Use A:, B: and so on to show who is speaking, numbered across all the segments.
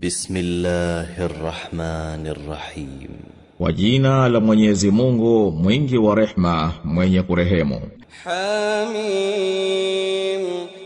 A: Bismillahirrahmanirrahim,
B: kwa jina la Mwenyezi Mungu mwingi wa rehma mwenye kurehemu.
C: Hamim,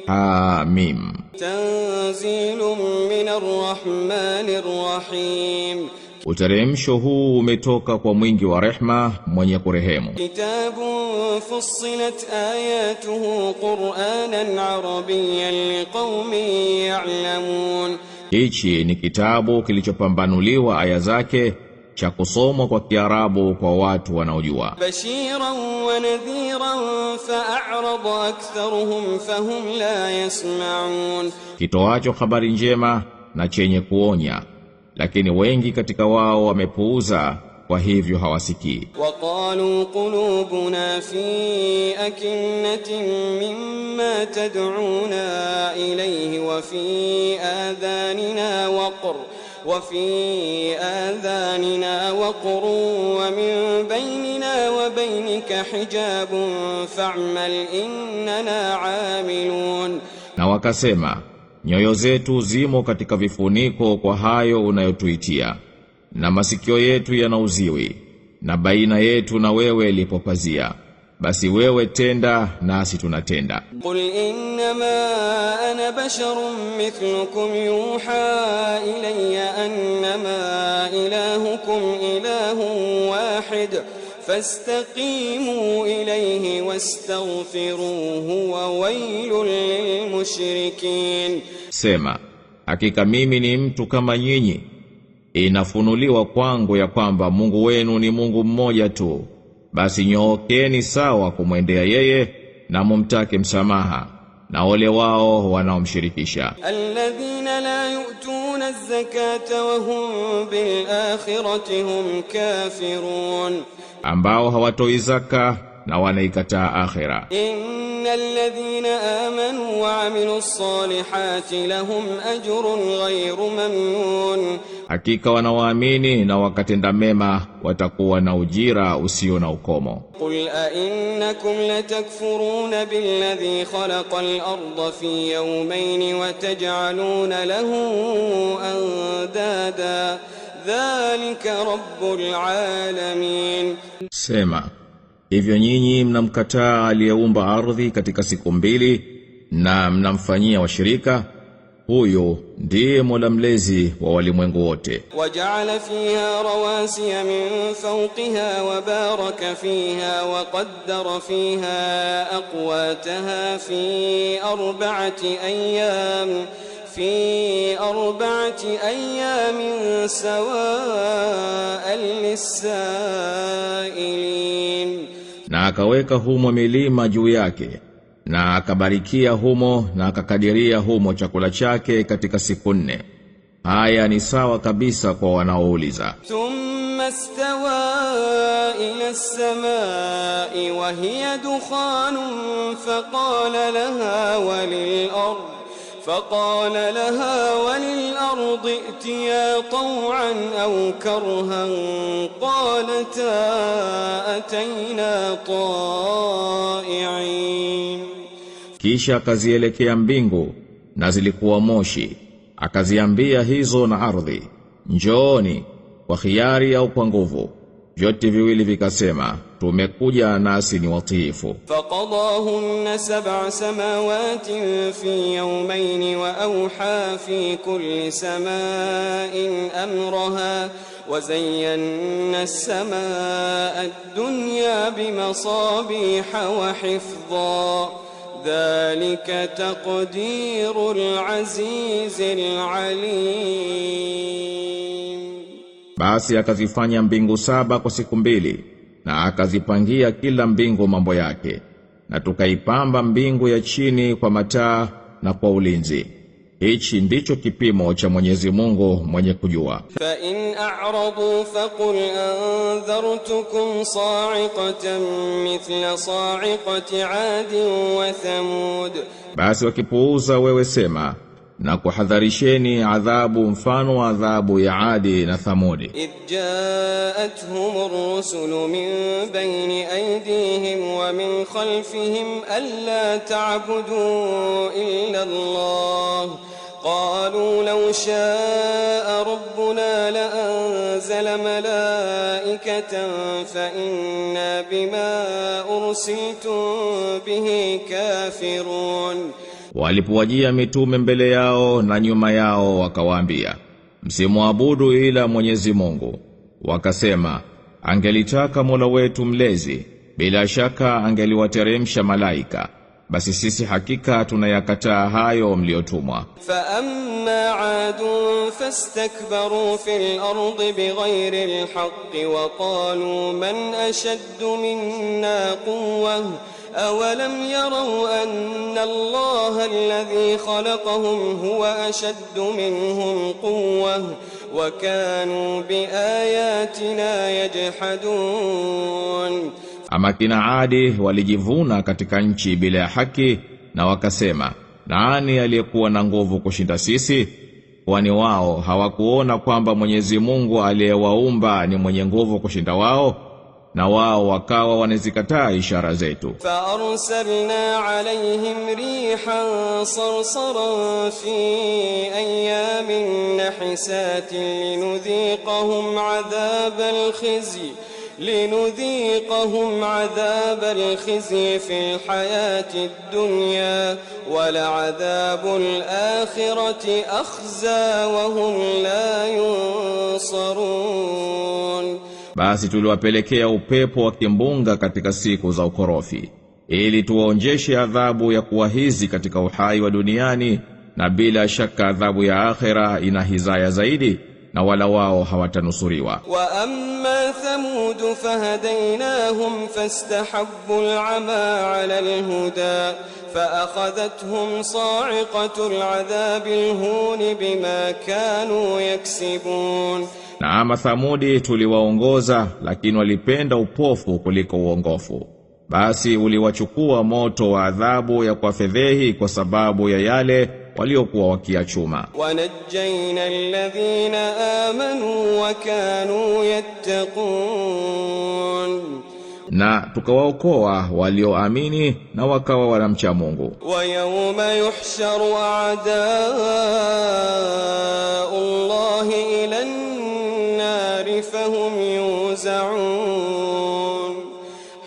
C: hamim.
D: Tanzilun minar rahmanir rahim
B: Uteremsho huu umetoka kwa mwingi wa rehma mwenye kurehemu.
E: Kitabu fussilat ayatuhu Qur'anan Arabiyyan liqaumin ya'lamun
B: Hichi ni kitabu kilichopambanuliwa aya zake cha kusomwa kwa Kiarabu kwa watu wanaojua.
F: Bashiran wa nadhiran aktharuhum la yasma'un,
B: kitoacho habari njema na chenye kuonya, lakini wengi katika wao wamepuuza kwa hivyo hawasikii.
G: Waqalu qulubuna fi akinnatin mimma tad'una ilayhi wa fi adhanina waqr wa fi adhanina waqr wa min baynina wa baynaka hijabun fa'mal innana 'amilun,
B: na wakasema nyoyo zetu zimo katika vifuniko kwa hayo unayotuitia na masikio yetu yana uziwi na baina yetu na wewe lipopazia basi wewe tenda nasi tunatenda.
H: Qul innama ana basharun mithlukum yuha ilayya annama ilahukum ilahun wahid fastaqimu ilayhi wastaghfiruhu wa waylul mushrikin
B: sema hakika mimi ni mtu kama nyinyi inafunuliwa kwangu ya kwamba Mungu wenu ni Mungu mmoja tu, basi nyookeni sawa kumwendea yeye na mumtake msamaha na ole wao wanaomshirikisha.
I: alladhina la yu'tuna az-zakata wa hum bil akhirati hum kafirun,
B: ambao hawatoi zaka na wanaikataa akhira.
J: innal ladhina amanu wa amilus salihati lahum ajrun ghayru mamnun
B: Hakika wanaoamini na wakatenda mema watakuwa na ujira usio na ukomo.
G: Qul a innakum latakfuruna billadhi khalaqa al-ardha fi yawmayn wa taj'aluna lahu andada dhalika rabbul alamin,
B: sema hivyo nyinyi mnamkataa aliyeumba ardhi katika siku mbili na mnamfanyia washirika Huyu ndiye Mola mlezi wa walimwengu wote.
H: Waja'ala fiha rawasiya min fawqiha wa baraka fiha wa qaddara fiha aqwataha fi arba'ati ayyam fi arba'ati ayyamin sawa'an lis-sa'ilin.
B: Na akaweka humo milima juu yake na akabarikia humo na akakadiria humo chakula chake katika siku nne haya ni sawa kabisa kwa wanaouliza
I: thumma stawa ila samai wa hiya dukhanun faqala laha walil ardh فقال لها وللأرض ائتيا طوعا أو كرها قالتا أتينا طائعين
B: Kisha akazielekea mbingu na zilikuwa moshi. Akaziambia hizo na ardhi, njooni kwa khiari au kwa nguvu. Vyote viwili vikasema, tumekuja nasi ni watiifu.
G: Faqadahunna sab'a samawati fi yawmayn wa awha fi kulli sama'in amraha wa zayyana as-samaa'a ad-dunya bimasabiha wa hifdha ذلك تقدير العزيز العليم
B: basi akazifanya mbingu saba kwa siku mbili na akazipangia kila mbingu mambo yake na tukaipamba mbingu ya chini kwa mataa na kwa ulinzi Hichi ndicho kipimo cha Mwenyezi Mungu mwenye kujua.
G: Fa in a'radu faqul anzartukum sa'iqatan mithla sa'iqati 'adin wa thamud,
B: basi wakipuuza wewe sema na kuhadharisheni adhabu mfano wa adhabu ya Adi na Thamudi.
G: Idjaathum ar-rusulu min bayni aydihim wa min khalfihim alla ta'budu illa Allah قالوا لو شاء ربنا لأنزل ملائكة فإنا بما أرسلتم به كافرون
B: Walipowajia mitume mbele yao na nyuma yao wakawaambia msimwabudu ila Mwenyezi Mungu wakasema angelitaka Mola wetu mlezi bila shaka angeliwateremsha malaika basi sisi hakika tunayakataa hayo mliotumwa.
G: fa amma adun fastakbaru fil ard ardi al haqq wa qalu man ashaddu minna quwwah anna allaha alladhi khalaqahum huwa خلقهم minhum أشد wa kanu bi ayatina yajhadun
B: Ama kina Adi walijivuna katika nchi bila ya haki na wakasema, nani aliyekuwa na nguvu kushinda sisi? Kwani wao hawakuona kwamba Mwenyezi Mungu aliyewaumba ni mwenye nguvu kushinda wao? Na wao wakawa wanazikataa ishara zetu.
H: Fa arsalna alayhim rihan sarsaran fi ayamin nahisati linudhiqahum adhab alkhizi لنذيقهم عذاب الخزي في الحياة الدنيا ولعذاب الآخرة أخزى وهم لا ينصرون
B: basi tuliwapelekea upepo wa kimbunga katika siku za ukorofi ili tuwaonjeshe adhabu ya kuwa hizi katika uhai wa duniani na bila shaka adhabu ya akhera ina hizaya zaidi na wala wao hawatanusuriwa.
G: Wa amma thamud fahadainahum fastahabbu al'ama 'ala al-huda faakhadhathum sa'iqatu al'adhabi al-hun bima kanu yaksibun,
B: na ama Thamudi tuliwaongoza, lakini walipenda upofu kuliko uongofu basi uliwachukua moto wa adhabu ya kwa fedhehi kwa sababu ya yale waliokuwa wakiachuma.
G: wanajaina alladhina amanu wa kanu yattaqun,
B: na tukawaokoa walioamini na wakawa wanamcha Mungu.
G: Wa yawma yuhsharu a'da'u Allahi ila an-nari fahum yuzaun,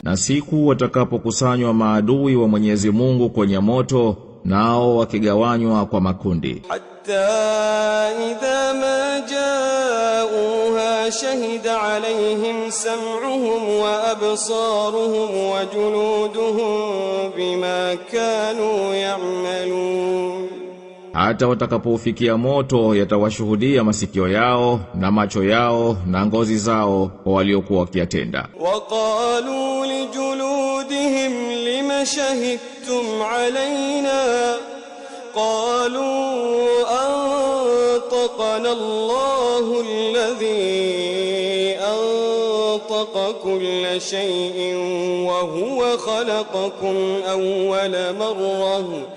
B: na siku watakapokusanywa maadui wa Mwenyezi Mungu kwenye moto nao wakigawanywa kwa makundi
G: hatta idha ma jauha shahida alaihim sam'uhum wa absaruhum wa junuduhum bima kanu ya'malun
B: hata watakapofikia moto yatawashuhudia masikio yao na macho yao na ngozi zao kwa waliokuwa wakiyatenda.
G: Waqalu lijuludihim lima shahidtum alaina qalu antaqana Allahu alladhi antaqa kulla shay'in wa huwa khalaqakum awwala marrah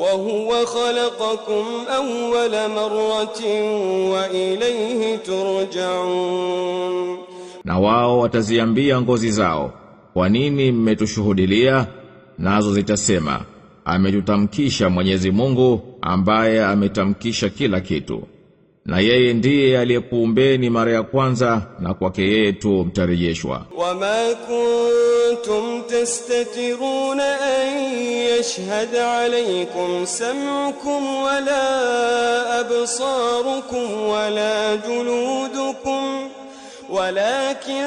G: وهو خلقكم أول مرة وإليه ترجعون
B: na wao wataziambia ngozi zao kwa nini mmetushuhudilia nazo zitasema ametutamkisha Mwenyezi Mungu ambaye ametamkisha kila kitu na yeye ndiye aliyekuumbeni mara ya kwanza na kwake yeye tu mtarejeshwa
I: wama kuntum tastatiruna يشهد عليكم سمعكم ولا أبصاركم ولا جلودكم ولكن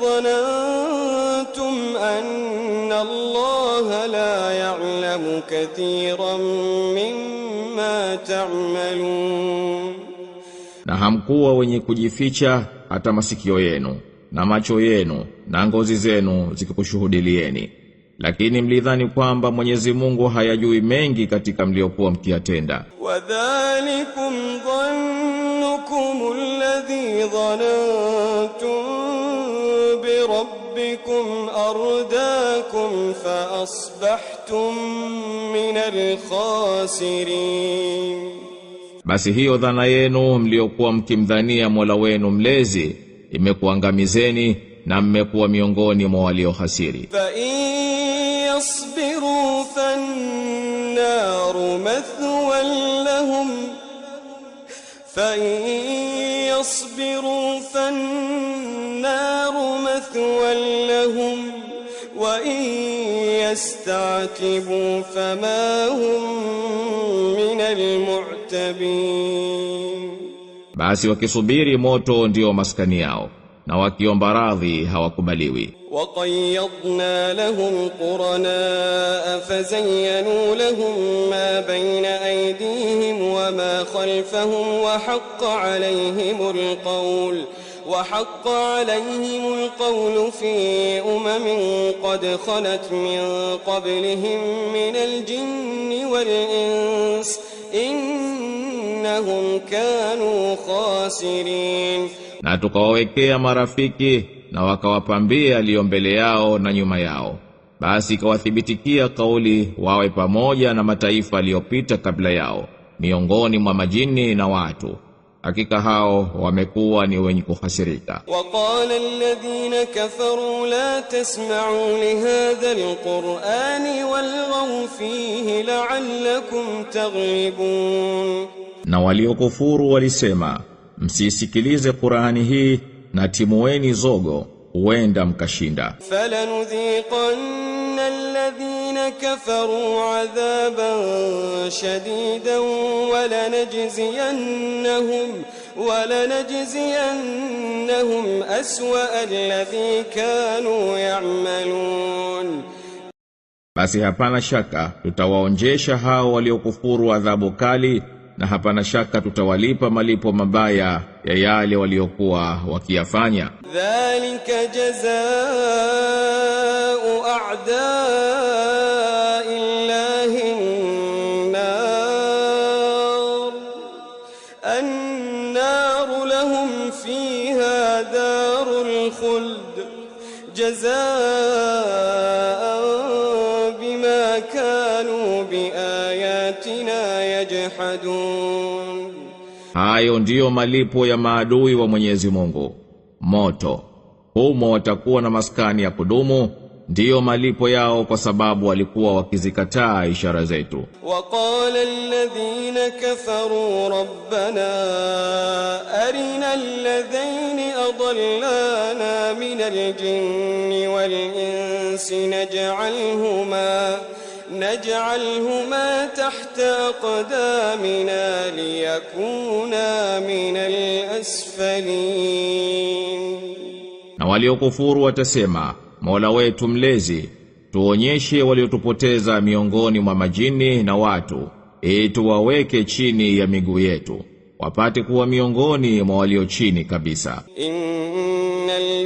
I: ظننتم أن الله لا يعلم كثيرا مما تعملون
B: نعم قوة ونكجفيشة أتمسكيوينو na نعم yenu na ngozi zenu zikikushuhudilieni lakini mlidhani kwamba Mwenyezi Mungu hayajui mengi katika mliokuwa mkiyatenda.
G: Wadhalikum dhannukum alladhi dhanantum bi rabbikum ardaakum fa asbahtum min alkhasirin,
B: basi hiyo dhana yenu mliokuwa mkimdhania Mola wenu mlezi imekuangamizeni na mmekuwa miongoni mwa waliohasiri.
G: Fa yasbiru fannaru mathwan lahum fa yasbiru fannaru mathwan lahum wa yastakibu fama hum min almu'tabin,
B: basi wakisubiri moto ndio maskani yao na wakiomba radhi hawakubaliwi
G: وقيضنا لهم قرناء فزينوا لهم ما بين أيديهم وما خلفهم وحق عليهم القول وحق عليهم القول في أمم قد خلت من قبلهم من الجن والإنس إنهم كانوا خاسرين
B: na tukawawekea marafiki na wakawapambia aliyo mbele yao na nyuma yao basi ikawathibitikia kauli wawe pamoja na mataifa aliyopita kabla yao miongoni mwa majini na watu hakika hao wamekuwa ni wenye kuhasirika.
G: Waqala alladhina kafaru la tasma'u li hadha alqur'ani walghaw fihi la'allakum taghlibun,
B: na waliokufuru walisema msisikilize Qur'ani hii na timueni zogo huenda mkashinda.
G: Falanudhiqanna alladhina kafaru adhaban shadidan walanajziyannahum walanajziyannahum aswa alladhi kanu ya'malun.
B: Basi hapana shaka tutawaonjesha hao waliokufuru adhabu kali na hapana shaka tutawalipa malipo mabaya ya yale waliokuwa wakiyafanya.
G: Dhalika jazaa'u a'da'i llahi an-nar an lahum fiha darul khuld jazaa'an bima kanu bi yajhadun
B: hayo ndiyo malipo ya maadui wa Mwenyezi Mungu moto humo watakuwa na maskani ya kudumu ndiyo malipo yao kwa sababu walikuwa wakizikataa ishara zetu.
G: Waqala alladhina kafaru rabbana arina alladhina adallana min aljinni walinsi insi naj'alhuma نجعلهما تحت أقدامنا ليكونا من الأسفلين
B: na waliokufuru watasema Mola wetu mlezi tuonyeshe waliotupoteza miongoni mwa majini na watu ili tuwaweke chini ya miguu yetu wapate kuwa miongoni mwa walio chini kabisa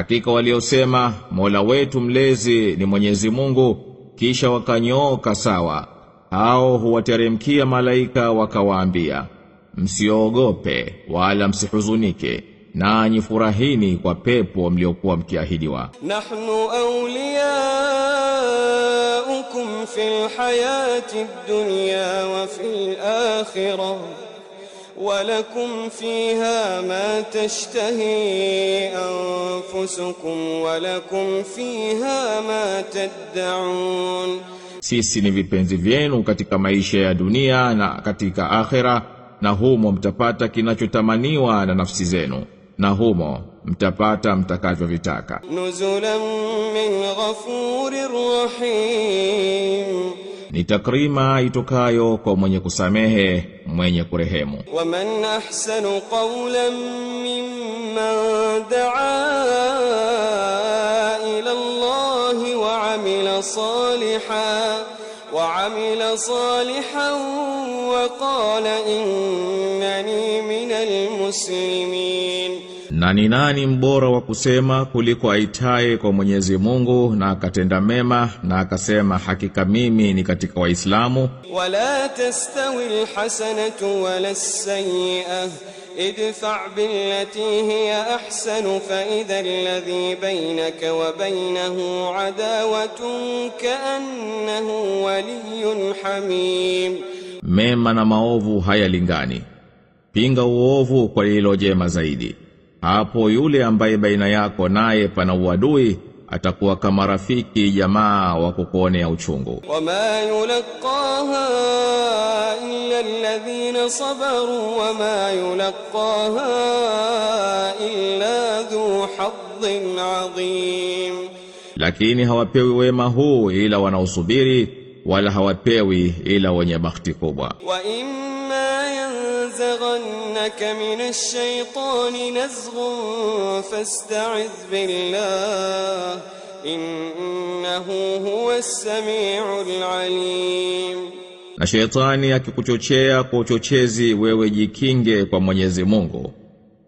B: Hakika waliosema Mola wetu mlezi ni Mwenyezi Mungu kisha wakanyooka sawa hao huwateremkia malaika wakawaambia msiogope wala msihuzunike nanyi furahini kwa pepo mliokuwa mkiahidiwa
G: nahnu awliyaukum fil hayati dunya wa fil akhirah ولكم فيها ما تشتهي أنفسكم ولكم فيها ما تدعون
B: sisi ni vipenzi vyenu katika maisha ya dunia na katika akhera na humo mtapata kinachotamaniwa na nafsi zenu na humo mtapata mtakavyovitaka
G: nuzulan min ghafurir rahim
B: ni takrima itokayo kwa mwenye kusamehe mwenye kurehemu
G: waman ahsanu qawlan mimman daa ila Allah wa amila salihan wa amila salihan wa qala innani minal muslimin
B: na ni nani mbora wa kusema kuliko aitaye kwa Mwenyezi Mungu na akatenda mema na akasema hakika mimi ni katika Waislamu.
G: Wala tastawi alhasanatu wala as idfa' billati hiya ahsanu fa idha alladhi baynaka wa adawatun ka'annahu waliyun hamim.
B: Mema na maovu hayalingani. Pinga uovu kwa lililo jema zaidi hapo yule ambaye baina yako naye pana uadui atakuwa kama rafiki jamaa wa kukuonea uchungu.
G: wama yulqaha illa alladhina sabaru wama yulqaha illa dhu hadhin adhim,
B: lakini hawapewi wema huu ila wanaosubiri, wala hawapewi ila wenye bahati kubwa. wa
G: imma ينزغنك من الشيطان نزغ فاستعذ بالله إِنَّهُ هُوَ السَّمِيعُ الْعَلِيمُ
B: na shetani akikuchochea kwa uchochezi wewe jikinge kwa Mwenyezi Mungu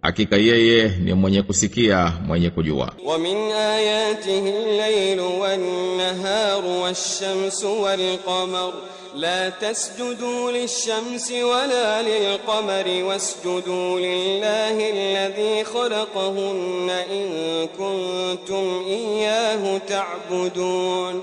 B: hakika yeye ni mwenye kusikia mwenye kujua
G: wa min ayatihi al-laylu wan-naharu wash-shamsu wal-qamaru لا تسجدوا للشمس ولا للقمر واسجدوا لله الذي خلقهن إن كنتم إياه ta'budun.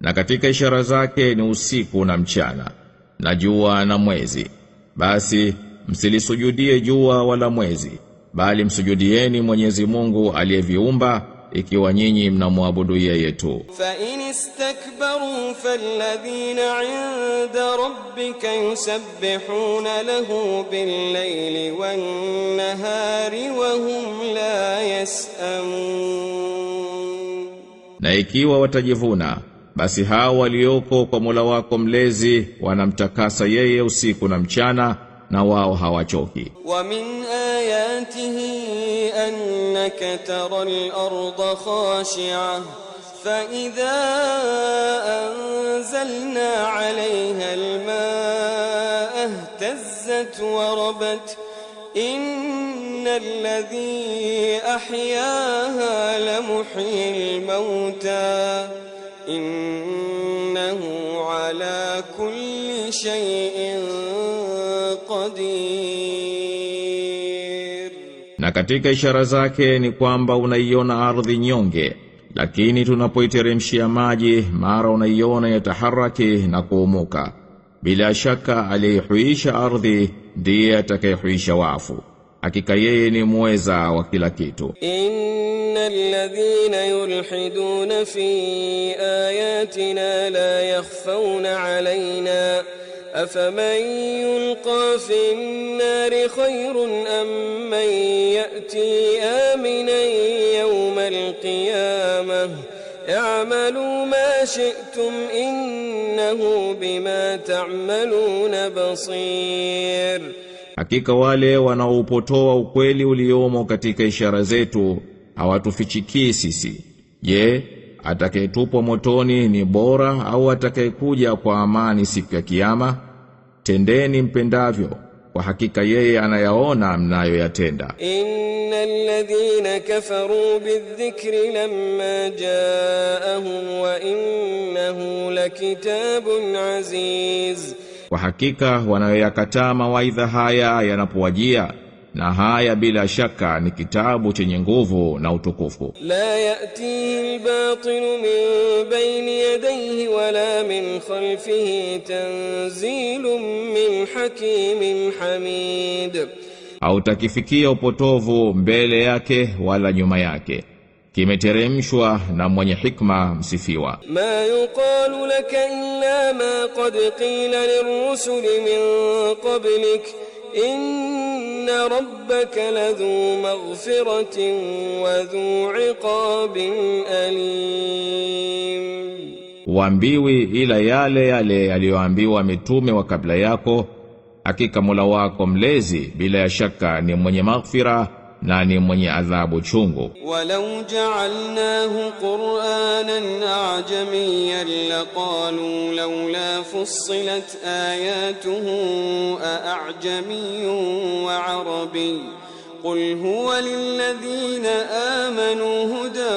B: Na katika ishara zake ni usiku na mchana na jua na mwezi. Basi msilisujudie jua wala mwezi, bali msujudieni Mwenyezi Mungu aliyeviumba ikiwa nyinyi mnamwabudu yeye tu.
G: fa in istakbaru falladhina inda rabbika yusabbihuna lahu billayli wan nahari wa hum la yasamun,
B: na ikiwa watajivuna basi hao walioko kwa Mola wako mlezi wanamtakasa yeye usiku na mchana, na wao hawachoki.
G: wa min ayatihi an إنك ترى الأرض خاشعة فإذا أنزلنا عليها الماء اهتزت وربت إن الذي أحياها لمحيي الموتى إنه على كل شيء
B: katika ishara zake ni kwamba unaiona ardhi nyonge, lakini tunapoiteremshia maji mara unaiona yataharaki na kuumuka. Bila shaka aliyehuisha ardhi ndiye atakayehuisha wafu. Hakika yeye ni mweza wa kila kitu.
G: Innal ladhina yulhiduna fi ayatina la yakhfauna alaina afaman yulqa fi an-nari khayrun amman يأتي آمنا يوم القيامة اعملوا ما شئتم إنه بما تعملون بصير
B: Hakika wale wanaoupotoa ukweli uliomo katika ishara zetu hawatufichikii sisi. Je, atakayetupwa motoni ni bora au atakayekuja kwa amani siku ya kiyama? Tendeni mpendavyo kwa hakika yeye anayaona mnayoyatenda.
G: innal ladhina kafaru bidhikri lamma jaahum wa innahu lakitabun aziz,
B: kwa hakika wanayoyakataa mawaidha haya yanapowajia na haya bila shaka ni kitabu chenye nguvu na utukufu.
G: la yati albatil min bayni yadayhi wala min khalfihi tanzilun min hakimin hamid,
B: hautakifikia upotovu mbele yake wala nyuma yake kimeteremshwa na mwenye hikma msifiwa.
G: ma yuqalu laka illa ma qad qila lirrusuli min qablik إن ربك لذو مغفرة وذو عقاب أليم
B: Waambiwi ila yale yale yaliyoambiwa mitume wa kabla yako, hakika mula wako mlezi bila ya shaka ni mwenye maghfira na ni mwenye adhabu chungu.
G: walau ja'alnahu qur'anan ajamiyyan laqalu laula fussilat ayatuhu a'jamiyyun wa arabiy قل هو للذين آمنوا هدى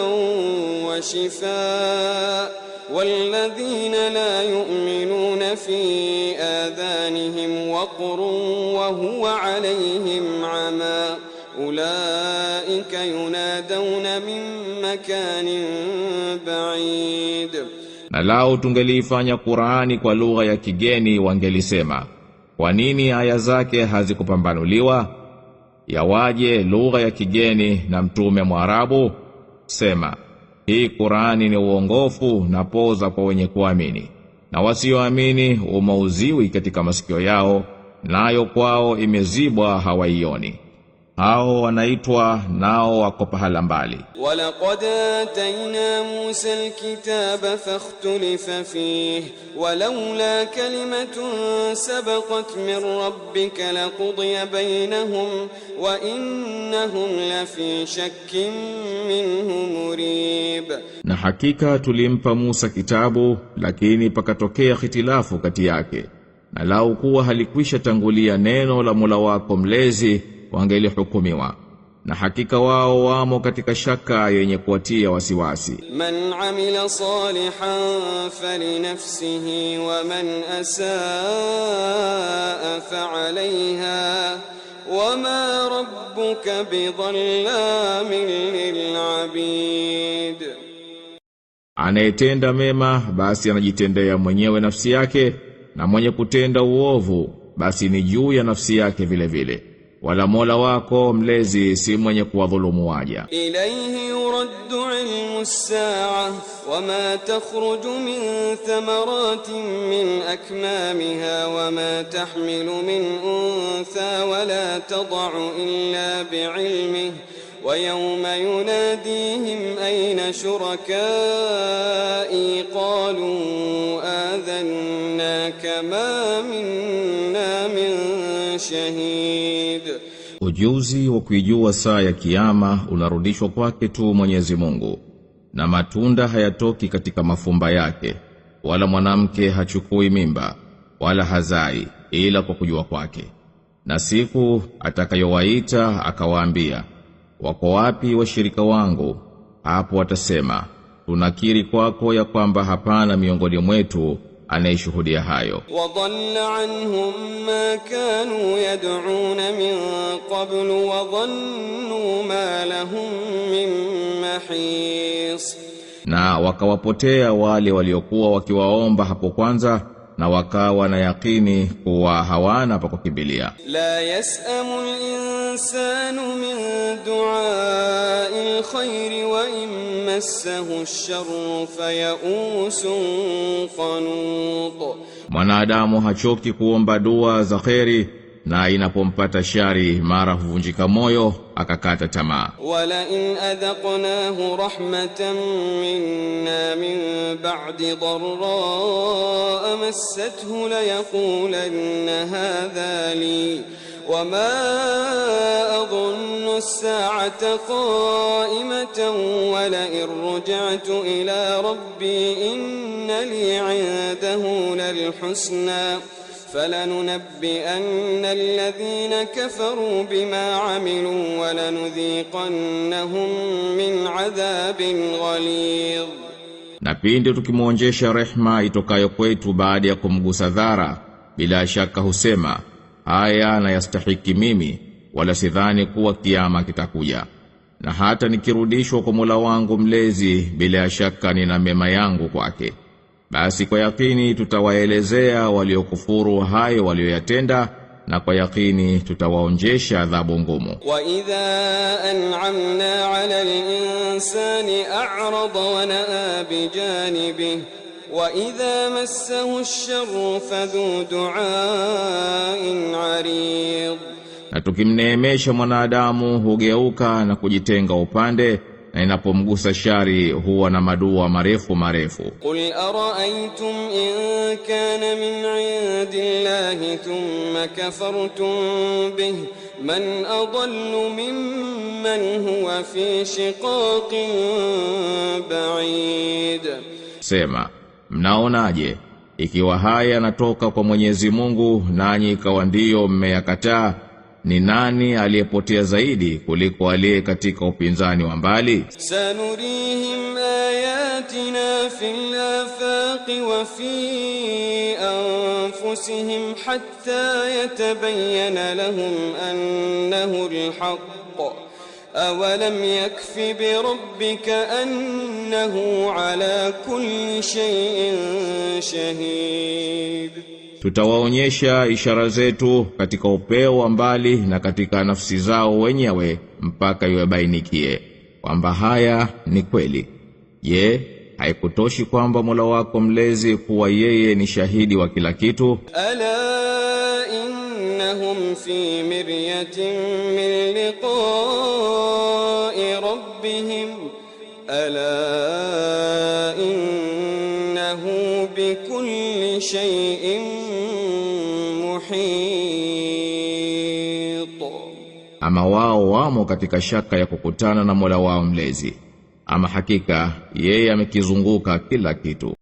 G: وشفاء والذين لا يؤمنون في آذانهم وقر وهو عليهم عمى أولئك ينادون من مكان بعيد.
B: Na lao tungeliifanya Qur'ani kwa lugha ya kigeni wangelisema, kwa nini aya zake hazikupambanuliwa? Yawaje lugha ya kigeni na mtume Mwarabu? Sema, hii Qur'ani ni uongofu na poza kwa wenye kuamini, na wasioamini umauziwi katika masikio yao, nayo kwao imezibwa hawaioni hao wanaitwa nao wako pahala mbali.
G: walaqad atayna Musa alkitaba fakhtulifa fihi walaula kalimatun sabaqat min rabbika laqudiya bainahum wa innahum lafi shakkin minhu murib,
B: na hakika tulimpa Musa kitabu lakini pakatokea hitilafu kati yake, na lau kuwa halikwisha tangulia neno la mula wako mlezi wangelihukumiwa na hakika wao wamo katika shaka yenye kuwatia wasiwasi.
G: Man amila salihan fali nafsihi wa man asaa fa alaiha wa ma rabbuka bidhallamin lilabid,
B: anayetenda mema basi anajitendea mwenyewe nafsi yake, na mwenye kutenda uovu basi ni juu ya nafsi yake vile vile. wala Mola wako mlezi si mwenye kuwadhulumu waja.
G: Ilayhi yuraddu ilmu as-sa'a wama takhruju min thamaratin min akmamiha wama tahmilu min untha wala tad'u illa bi'ilmihi ويوم يناديهم أين شركائي قالوا آذنا كما منا من شهيد
B: Ujuzi wa kuijua saa ya kiyama unarudishwa kwake tu Mwenyezi Mungu, na matunda hayatoki katika mafumba yake, wala mwanamke hachukui mimba, wala hazai ila kwa kujua kwake. Na siku atakayowaita akawaambia, wako wapi washirika wangu? Hapo watasema tunakiri kwako ya kwamba hapana miongoni mwetu anayeshuhudia hayo.
G: Wadalla anhum ma kanu yad'un min qabl wa dhannu ma lahum min mahis,
B: na wakawapotea wale waliokuwa wakiwaomba hapo kwanza na wakawa na yaqini kuwa hawana pa kukimbilia.
G: La yasamu al-insanu min du'ai al-khairi wa in massahu ash-sharru fayausun qanut,
B: mwanadamu hachoki kuomba dua za kheri na inapompata shari mara huvunjika moyo akakata tamaa.
G: wala in adhaqnahu rahmatan minna min ba'di dharra massathu la yaqulanna hadha li wama adhunnu as-sa'ata qa'imatan wala in raja'tu ila rabbi inna li 'indahu lal husna فلننبئن الذين كفروا بما عملوا ولنذيقنهم من عذاب غليظ
B: na pindi tukimwonjesha rehma itokayo kwetu baada ya kumgusa dhara bila shaka husema haya na yastahiki mimi wala sidhani kuwa kiama kitakuja na hata nikirudishwa kwa mula wangu mlezi bila shaka nina mema yangu kwake basi kwa yakini tutawaelezea waliokufuru hayo walioyatenda na kwa yakini tutawaonjesha adhabu ngumu.
G: Wa idha an'amna 'ala al-insani a'rada wa na'a bi janibi wa idha massahu ash-sharru fadhu du'a'in 'arid,
B: na tukimneemesha mwanadamu hugeuka na kujitenga upande na inapomgusa shari huwa na madua marefu marefu. Qul
G: araaytum in kana min indillahi thumma kafartum bihi man adallu mimman huwa fi shiqaqin ba'id,
B: sema mnaonaje ikiwa haya yanatoka kwa Mwenyezi Mungu nanyi ikawa ndiyo mmeyakataa ni nani aliyepotea zaidi kuliko aliye katika upinzani wa mbali?
G: Sanurihim ayatina fil afaqi wa fi anfusihim hatta yatabayyana lahum annahu alhaq awalam yakfi bi rabbika annahu ala kulli shay'in shahid
B: Tutawaonyesha ishara zetu katika upeo wa mbali na katika nafsi zao wenyewe mpaka iwebainikie kwamba haya ni kweli. Je, haikutoshi kwamba Mola wako mlezi kuwa yeye ni shahidi wa kila kitu?
G: Ala innahum fi miryatin min liqa
B: ama wao wamo katika shaka ya kukutana na Mola wao mlezi ama hakika yeye amekizunguka kila kitu